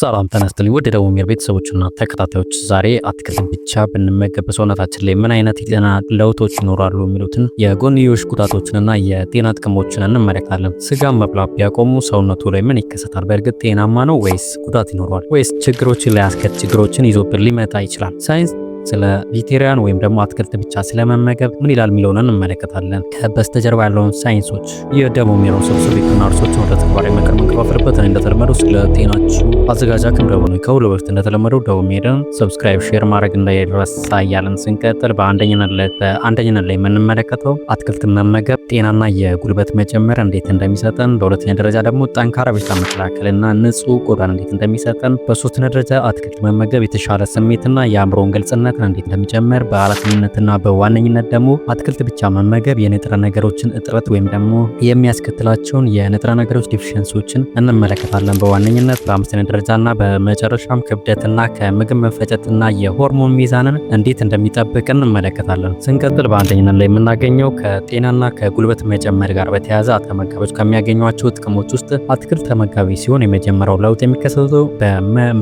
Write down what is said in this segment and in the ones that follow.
ሰላም ተነስተልኝ ወደ ደቡብ ሜር ቤተሰቦችና ተከታታዮች፣ ዛሬ አትክልትን ብቻ ብንመገብ ሰውነታችን ላይ ምን አይነት የጤና ለውጦች ይኖራሉ የሚሉትን የጎንዮሽ ጉዳቶችንና የጤና ጥቅሞችን እንመለከታለን። ስጋ መብላት ቢያቆሙ ሰውነቱ ላይ ምን ይከሰታል? በእርግጥ ጤናማ ነው ወይስ ጉዳት ይኖረዋል? ወይስ ችግሮችን ሊያስከት ችግሮችን ይዞብን ሊመጣ ይችላል? ሳይንስ ስለ ቪቴሪያን ወይም ደግሞ አትክልት ብቻ ስለመመገብ ምን ይላል የሚለውን እንመለከታለን። ከበስተጀርባ ያለውን ሳይንሶች የደሞ የሚለው ስብስብ የክናርሶችን ወደ ተግባራዊ ምክር መንከፋፈልበት እኔ እንደተለመደው ስለ ጤናችሁ አዘጋጃ ክም ነው። ከሁሉ በፊት እንደተለመደው ደቡ ሜድን ሰብስክራይብ፣ ሼር ማድረግ እንዳይረሳ እያለን ስንቀጥል በአንደኝነት ላይ የምንመለከተው አትክልት መመገብ ጤናና የጉልበት መጨመር እንዴት እንደሚሰጠን፣ በሁለተኛ ደረጃ ደግሞ ጠንካራ በሽታ መከላከልና ንጹህ ቆዳን እንዴት እንደሚሰጠን፣ በሶስተኛ ደረጃ አትክልት መመገብ የተሻለ ስሜትና የአእምሮን ግልጽነት ጥራጥርን እንዴት እንደሚጨምር በአራተኝነትና በዋነኝነት ደግሞ አትክልት ብቻ መመገብ የንጥረ ነገሮችን እጥረት ወይም ደግሞ የሚያስከትላቸውን የንጥረ ነገሮች ዲፊሽንሲዎችን እንመለከታለን። በዋነኝነት በአምስተኛ ደረጃና በመጨረሻም ክብደትና ከምግብ መፈጨትና የሆርሞን ሚዛንን እንዴት እንደሚጠብቅ እንመለከታለን። ስንቀጥል በአንደኝነት ላይ የምናገኘው ከጤናና ከጉልበት መጨመር ጋር በተያያዘ ተመጋቢዎች ከሚያገኟቸው ጥቅሞች ውስጥ አትክልት ተመጋቢ ሲሆን የመጀመሪያው ለውጥ የሚከሰተው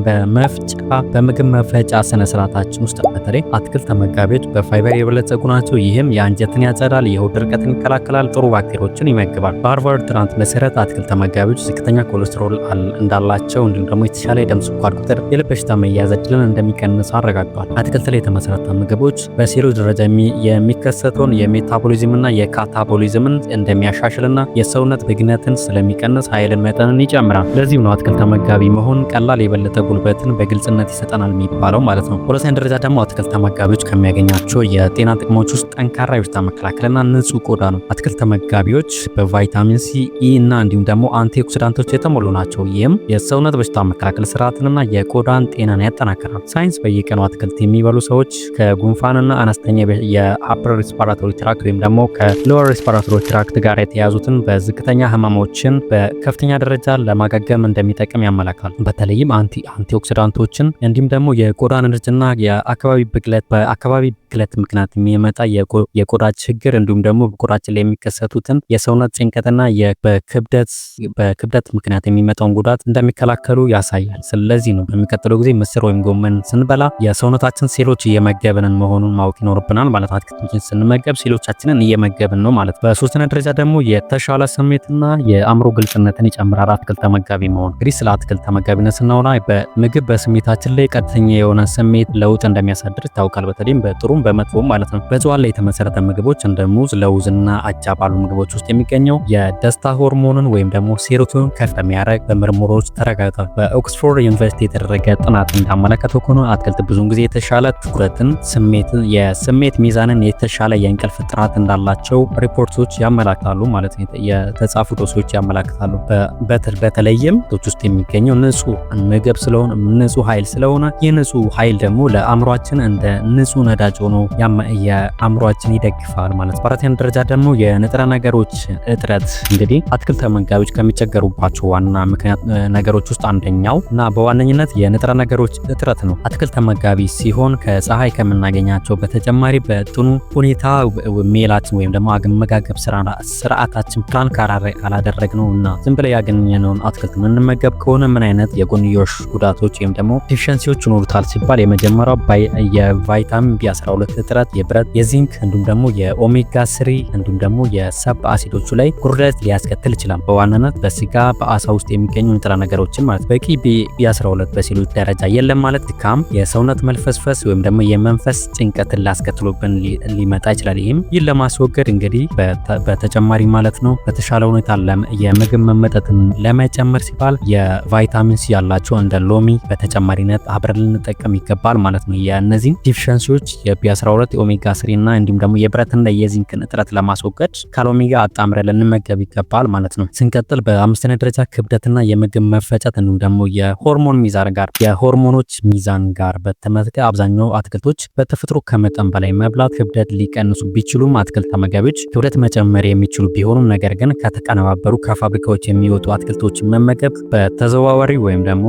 በመፍጫ በምግብ መፈጫ ስነስርዓታችን ውስጥ በተለይ አትክልት ተመጋቢዎች በፋይበር የበለጸጉ ናቸው። ይህም የአንጀትን ያጸዳል፣ የሆድ ድርቀትን ይከላከላል፣ ጥሩ ባክቴሪያዎችን ይመግባል። በሃርቫርድ ጥናት መሰረት አትክልት ተመጋቢዎች ዝቅተኛ ኮሌስትሮል እንዳላቸው እንዲሁም ደግሞ የተሻለ የደም ስኳር ቁጥር፣ የልብ በሽታ መያዝ እድልን እንደሚቀንስ አረጋግጧል። አትክልት ላይ የተመሰረተ ምግቦች በሴሎች ደረጃ የሚከሰተውን የሜታቦሊዝምና የካታቦሊዝምን እንደሚያሻሽልና የሰውነት ብግነትን ስለሚቀንስ ኃይልን መጠንን ይጨምራል። ለዚህም ነው አትክልት ተመጋቢ መሆን ቀላል የበለጠ ጉልበትን በግልጽነት ይሰጠናል የሚባለው ማለት ነው። ሁለተኛ ደረጃ ደግሞ የአትክልት አማጋቢዎች ከሚያገኛቸው የጤና ጥቅሞች ጠንካራ የበሽታ መከላከልና ንጹህ ቆዳ ነው። አትክልት ተመጋቢዎች በቫይታሚን ሲ፣ ኢ እና እንዲሁም ደግሞ አንቲኦክሲዳንቶች የተሞሉ ናቸው። ይህም የሰውነት በሽታ መከላከል ስርዓትንና የቆዳን ጤናን ያጠናክራል። ሳይንስ በየቀኑ አትክልት የሚበሉ ሰዎች ከጉንፋንና አነስተኛ የአፕር ሬስፓራቶሪ ትራክት ወይም ደግሞ ከሎወር ሬስፓራቶሪ ትራክት ጋር የተያዙትን በዝቅተኛ ህመሞችን በከፍተኛ ደረጃ ለማገገም እንደሚጠቅም ያመለክታል። በተለይም አንቲኦክሲዳንቶችን እንዲሁም ደግሞ የቆዳን እርጅና የአካባቢ ብክለት በአካባቢ ብክለት ምክንያት የሚመጣ የቆዳ ችግር እንዲሁም ደግሞ በቆዳችን ላይ የሚከሰቱትን የሰውነት ጭንቀትና በክብደት ምክንያት የሚመጣውን ጉዳት እንደሚከላከሉ ያሳያል። ስለዚህ ነው በሚቀጥለው ጊዜ ምስር ወይም ጎመን ስንበላ የሰውነታችን ሴሎች እየመገብንን መሆኑን ማወቅ ይኖርብናል። ማለት አትክልቶችን ስንመገብ ሴሎቻችንን እየመገብን ነው ማለት። በሶስተኛ ደረጃ ደግሞ የተሻለ ስሜትና የአእምሮ ግልጽነትን ይጨምራል አትክልት ተመጋቢ መሆን። እንግዲህ ስለ አትክልት ተመጋቢነት ስናወራ በምግብ በስሜታችን ላይ ቀጥተኛ የሆነ ስሜት ለውጥ እንደሚያሳድር ይታወቃል። በተለይም በጥሩም በመጥፎም ማለት ነው። በእጽዋት ላይ የተመሰረተ ምግቦች እንደ ሙዝ፣ ለውዝና አጃ ባሉ ምግቦች ውስጥ የሚገኘው የደስታ ሆርሞንን ወይም ደግሞ ሴሮቶን ከፍ የሚያደርግ በምርምሮች ተረጋግጧል። በኦክስፎርድ ዩኒቨርሲቲ የተደረገ ጥናት እንዳመለከተው ከሆነ አትክልት ብዙውን ጊዜ የተሻለ ትኩረትን፣ ስሜትን፣ የስሜት ሚዛንን፣ የተሻለ የእንቅልፍ ጥራት እንዳላቸው ሪፖርቶች ያመላክታሉ ማለት ነው። የተጻፉ ዶሶች ያመላክታሉ። በተለይም ቶች ውስጥ የሚገኘው ንጹህ ምግብ ስለሆነ ንጹህ ኃይል ስለሆነ ይህ ንጹህ ኃይል ደግሞ ለአእምሯችን እንደ ንጹህ ነዳጅ ሆኖ ሆኖ ያም የአእምሯችን ይደግፋል ማለት። በአራተኛ ደረጃ ደግሞ የንጥረ ነገሮች እጥረት እንግዲህ አትክልት ተመጋቢዎች ከሚቸገሩባቸው ዋና ምክንያት ነገሮች ውስጥ አንደኛው እና በዋነኝነት የንጥረ ነገሮች እጥረት ነው። አትክልት ተመጋቢ ሲሆን ከፀሐይ ከምናገኛቸው በተጨማሪ በጥኑ ሁኔታ ሜላችን ወይም ደግሞ አመጋገብ ስርዓታችን ፕላን ካራሪ ነው እና ዝም ብለ ያገኘነውን አትክልት የምንመገብ ከሆነ ምን አይነት የጎንዮሽ ጉዳቶች ወይም ደግሞ ዲፊሸንሲዎች ይኖሩታል ሲባል የመጀመሪያው የቫይታሚን ቢ 12 እጥረት የብረት የዚንክ እንዲሁም ደግሞ የኦሜጋ ስሪ እንዲሁም ደግሞ የሰብ አሲዶቹ ላይ ጉድለት ሊያስከትል ይችላል። በዋናነት በስጋ በአሳ ውስጥ የሚገኙ ንጥረ ነገሮችን ማለት በቂ ቢ12 በሴሎች ደረጃ የለም ማለት ድካም፣ የሰውነት መልፈስፈስ ወይም ደግሞ የመንፈስ ጭንቀትን ላስከትሎብን ሊመጣ ይችላል። ይህም ይህን ለማስወገድ እንግዲህ በተጨማሪ ማለት ነው በተሻለ ሁኔታ የምግብ መመጠትን ለመጨመር ሲባል የቫይታሚን ሲ ያላቸው እንደ ሎሚ በተጨማሪነት አብረን ልንጠቀም ይገባል ማለት ነው። የእነዚህም ዲፊሸንሲዎች የ ቢ12 የኦሜጋ 3 እና እንዲሁም ደግሞ የብረትና የዚንክን እጥረት ለማስወገድ ካልኦሜጋ አጣምረ ልንመገብ ይገባል ማለት ነው። ስንቀጥል በአምስተኛ ደረጃ ክብደትና የምግብ መፈጨት እንዲሁም ደግሞ የሆርሞን ሚዛን ጋር የሆርሞኖች ሚዛን ጋር በተመለከተ አብዛኛው አትክልቶች በተፈጥሮ ከመጠን በላይ መብላት ክብደት ሊቀንሱ ቢችሉም አትክልት ተመጋቢዎች ክብደት መጨመር የሚችሉ ቢሆኑም ነገር ግን ከተቀነባበሩ ከፋብሪካዎች የሚወጡ አትክልቶችን መመገብ በተዘዋዋሪ ወይም ደግሞ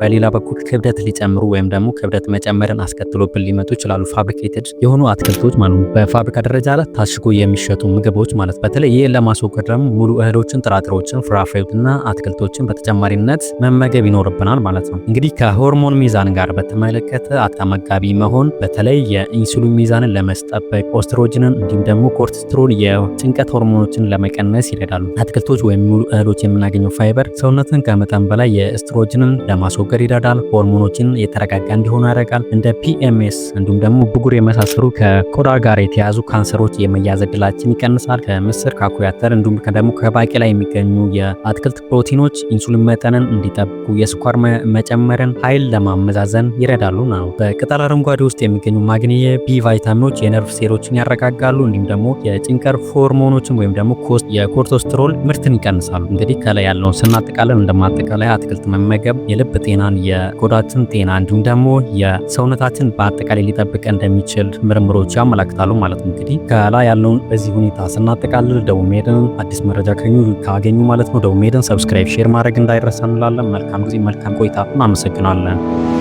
በሌላ በኩል ክብደት ሊጨምሩ ወይም ደግሞ ክብደት መጨመርን አስከትሎብን ሊመጡ ይችላሉ ፋብሪካ ሜትድ የሆኑ አትክልቶች ማለት ነው። በፋብሪካ ደረጃ ላይ ታሽጎ የሚሸጡ ምግቦች ማለት በተለይ ይህን ለማስወገድ ደግሞ ሙሉ እህሎችን፣ ጥራጥሮችን፣ ፍራፍሬዎችና አትክልቶችን በተጨማሪነት መመገብ ይኖርብናል ማለት ነው። እንግዲህ ከሆርሞን ሚዛን ጋር በተመለከተ አተመጋቢ መሆን በተለይ የኢንሱሊን ሚዛንን ለመስጠበቅ ኦስትሮጅንን፣ እንዲሁም ደግሞ ኮርቲስትሮል የጭንቀት ሆርሞኖችን ለመቀነስ ይረዳሉ። አትክልቶች ወይም ሙሉ እህሎች የምናገኘው ፋይበር ሰውነትን ከመጠን በላይ የኤስትሮጅንን ለማስወገድ ይረዳል። ሆርሞኖችን የተረጋጋ እንዲሆኑ ያደርጋል። እንደ ፒኤምኤስ እንዲሁም ደግሞ ብጉር የመሳሰሉ ከቆዳ ጋር የተያዙ ካንሰሮች የመያዝ እድላችን ይቀንሳል። ከምስር፣ ከአኩሪ አተር እንዲሁም ደግሞ ከባቄላ የሚገኙ የአትክልት ፕሮቲኖች ኢንሱሊን መጠንን እንዲጠብቁ፣ የስኳር መጨመርን ኃይል ለማመዛዘን ይረዳሉ ነው። በቅጠል አረንጓዴ ውስጥ የሚገኙ ማግኔ ቢ ቫይታሚኖች የነርቭ ሴሎችን ያረጋጋሉ። እንዲሁም ደግሞ የጭንቀር ሆርሞኖችን ወይም ደግሞ የኮርቶስትሮል ምርትን ይቀንሳሉ። እንግዲህ ከላይ ያለውን ስናጠቃለን እንደማጠቃላይ አትክልት መመገብ የልብ ጤናን፣ የቆዳችን ጤና እንዲሁም ደግሞ የሰውነታችን በአጠቃላይ ሊጠብቅ እንደሚችል እንደሚችል ምርምሮች ያመላክታሉ ማለት ነው። እንግዲህ ከላይ ያለውን በዚህ ሁኔታ ስናጠቃልል ደቡብ ሜድን አዲስ መረጃ ካገኙ ማለት ነው። ደቡብ ሜድን ሰብስክራይብ፣ ሼር ማድረግ እንዳይረሳ እንላለን። መልካም ጊዜ፣ መልካም ቆይታ። እናመሰግናለን።